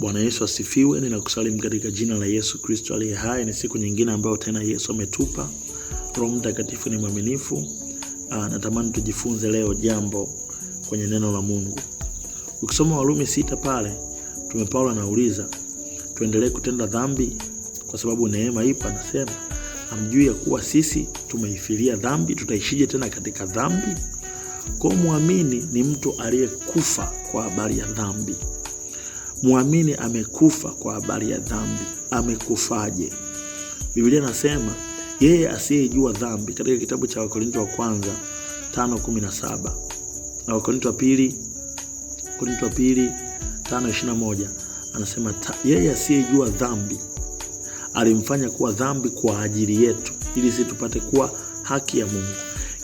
Bwana Yesu asifiwe. Ninakusalimu katika jina la Yesu Kristo aliye hai. Ni siku nyingine ambayo tena Yesu ametupa. Roho Mtakatifu ni mwaminifu. Ah, natamani tujifunze leo jambo kwenye neno la Mungu. Ukisoma Warumi sita pale, Mtume Paulo anauliza tuendelee kutenda dhambi kwa sababu neema ipo? Anasema amjui ya kuwa sisi tumeifilia dhambi, tutaishije tena katika dhambi? Kwa muamini ni mtu aliyekufa kwa habari ya dhambi. Mwamini amekufa kwa habari ya dhambi. Amekufaje? Biblia nasema yeye asiyejua dhambi, katika kitabu cha Wakorinto wa kwanza 5:17 na Wakorinto wa pili, Korinto wa pili 5:21 anasema yeye asiyejua dhambi alimfanya kuwa dhambi kwa ajili yetu, ili sisi tupate kuwa haki ya Mungu.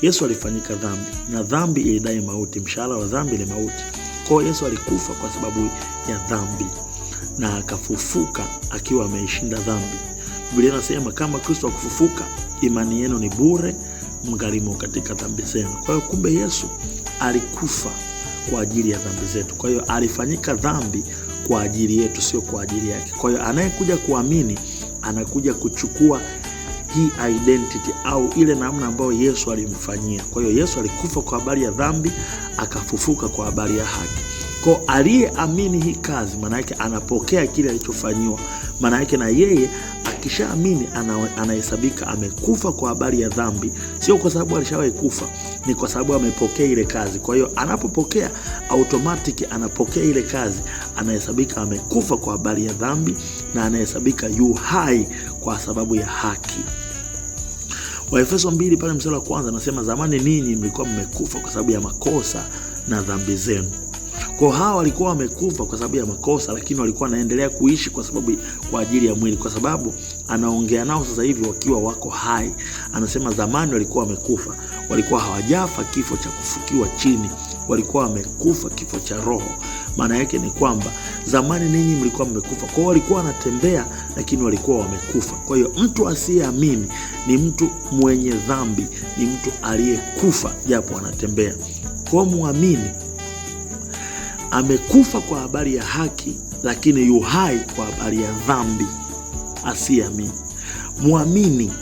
Yesu alifanyika dhambi, na dhambi ilidai mauti. Mshahara wa dhambi ni mauti. Kwa hiyo Yesu alikufa kwa sababu ya dhambi na akafufuka akiwa ameishinda dhambi. Biblia inasema kama Kristo akufufuka, imani yenu ni bure, mgalimo katika dhambi zenu. Kwa hiyo kumbe Yesu alikufa kwa ajili ya dhambi zetu. Kwa hiyo alifanyika dhambi kwa ajili yetu, sio kwa ajili yake. Kwa hiyo anayekuja kuamini anakuja kuchukua hii identity au ile namna ambayo Yesu alimfanyia. Kwa hiyo Yesu alikufa kwa habari ya dhambi, akafufuka kwa habari ya haki. Kwa aliyeamini hii kazi, maana yake anapokea kile alichofanyiwa, maana yake na yeye akishaamini anahesabika amekufa kwa habari ya dhambi, sio kwa sababu alishawahi kufa, ni kwa sababu amepokea ile kazi. Kwa hiyo anapopokea automatic, anapokea ile kazi, anahesabika amekufa kwa habari ya dhambi na anahesabika yu hai kwa sababu ya haki. Waefeso mbili pale mstari wa kwanza anasema, zamani ninyi mlikuwa mmekufa kwa sababu ya makosa na dhambi zenu kwa hawa walikuwa wamekufa kwa sababu ya makosa, lakini walikuwa wanaendelea kuishi kwa sababu kwa ajili ya mwili, kwa sababu anaongea nao sasa hivi wakiwa wako hai. Anasema zamani walikuwa wamekufa, walikuwa hawajafa kifo cha kufukiwa chini, walikuwa wamekufa kifo cha roho. Maana yake ni kwamba zamani ninyi mlikuwa mmekufa. kwao walikuwa wanatembea, lakini walikuwa wamekufa. Kwa hiyo mtu asiyeamini ni mtu mwenye dhambi, ni mtu aliyekufa japo anatembea. Kwao muamini amekufa kwa habari ya haki, lakini yu hai kwa habari ya dhambi asiyeamini. Mwamini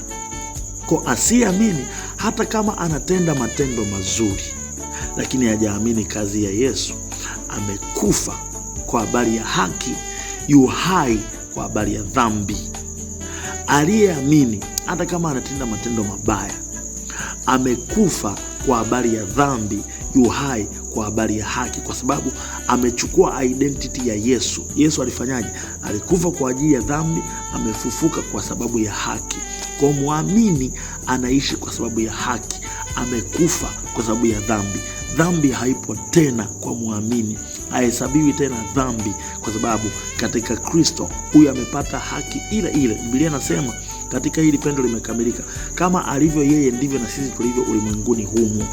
ko asiyeamini, hata kama anatenda matendo mazuri, lakini hajaamini kazi ya Yesu, amekufa kwa habari ya haki, yu hai kwa habari ya dhambi. Aliyeamini, hata kama anatenda matendo mabaya, amekufa kwa habari ya dhambi, yu hai kwa habari ya haki, kwa sababu amechukua identity ya Yesu. Yesu alifanyaje? Alikufa kwa ajili ya dhambi, amefufuka kwa sababu ya haki. Kwa muamini anaishi kwa sababu ya haki, amekufa kwa sababu ya dhambi. Dhambi haipo tena kwa muamini, hahesabiwi tena dhambi, kwa sababu katika Kristo huyu amepata haki ile ile. Biblia inasema katika hili pendo limekamilika, kama alivyo yeye ndivyo na sisi tulivyo ulimwenguni humu.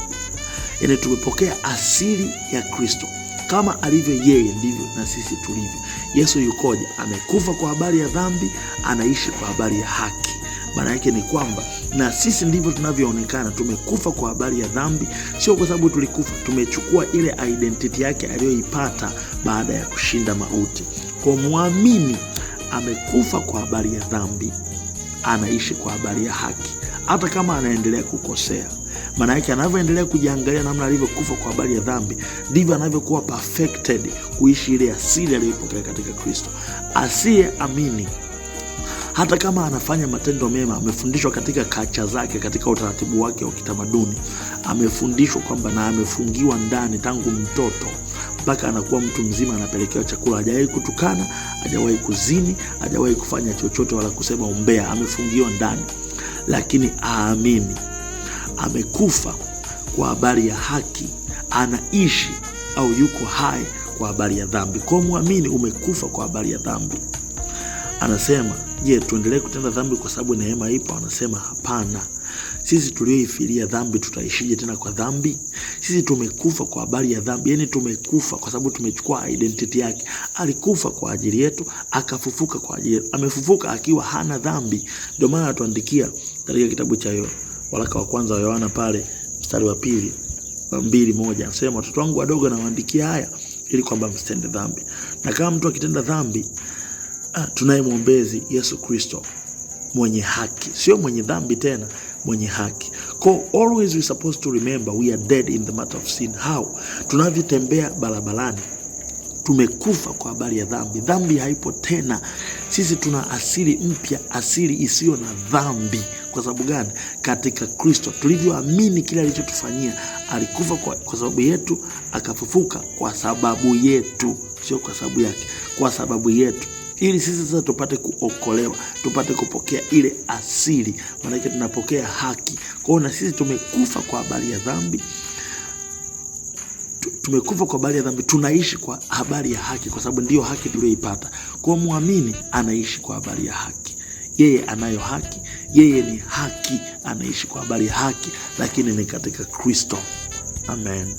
Yaani tumepokea asili ya Kristo kama alivyo yeye ndivyo na sisi tulivyo. Yesu yukoja, amekufa kwa habari ya dhambi, anaishi kwa habari ya haki. Maana yake ni kwamba na sisi ndivyo tunavyoonekana, tumekufa kwa habari ya dhambi, sio kwa sababu tulikufa. Tumechukua ile identity yake aliyoipata baada ya kushinda mauti. Kwa mwamini amekufa kwa habari ya dhambi, anaishi kwa habari ya haki, hata kama anaendelea kukosea. Maana yake anavyoendelea kujiangalia namna alivyokufa kwa habari ya dhambi, ndivyo anavyokuwa perfected kuishi ile asili aliyoipokea katika Kristo. Asiyeamini hata kama anafanya matendo mema, amefundishwa katika kacha zake, katika utaratibu wake wa kitamaduni, amefundishwa kwamba, na amefungiwa ndani tangu mtoto mpaka anakuwa mtu mzima, anapelekewa chakula. Hajawahi kutukana, hajawahi kuzini, hajawahi kufanya chochote wala kusema umbea, amefungiwa ndani, lakini aamini amekufa kwa habari ya haki, anaishi au yuko hai kwa habari ya dhambi. Kwa mwamini umekufa kwa habari ya dhambi. Anasema, je, tuendelee kutenda dhambi kwa sababu neema ipo? Anasema hapana. Sisi tulioifilia dhambi tutaishije tena kwa dhambi? Sisi tumekufa kwa habari ya dhambi, yani tumekufa kwa sababu tumechukua identity yake. Alikufa kwa ajili yetu, akafufuka kwa ajili yetu, amefufuka akiwa hana dhambi. Ndio maana anatuandikia katika kitabu cha Yohana waraka wa kwanza wa Yohana pale mstari wa pili mbili moja anasema watoto wangu wadogo nawaandikia haya ili kwamba msitende dhambi, na kama mtu akitenda dhambi ah, tunaye mwombezi Yesu Kristo mwenye haki, sio mwenye dhambi tena, mwenye haki. Ko, always we supposed to remember we are dead in the matter of sin. How tunavyotembea barabarani tumekufa kwa habari ya dhambi. Dhambi haipo tena. Sisi tuna asili mpya, asili isiyo na dhambi. Kwa sababu gani? Katika Kristo tulivyoamini kile alichotufanyia, alikufa kwa, kwa sababu yetu, akafufuka kwa sababu yetu, sio kwa sababu yake, kwa sababu yetu ili sisi sasa tupate kuokolewa, tupate kupokea ile asili, maanake tunapokea haki kwao, na sisi tumekufa kwa habari ya dhambi tumekufa kwa habari ya dhambi, tunaishi kwa habari ya haki, kwa sababu ndiyo haki tuliyoipata. Kwa mwamini anaishi kwa habari ya haki, yeye anayo haki, yeye ni haki, anaishi kwa habari ya haki, lakini ni katika Kristo. Amen.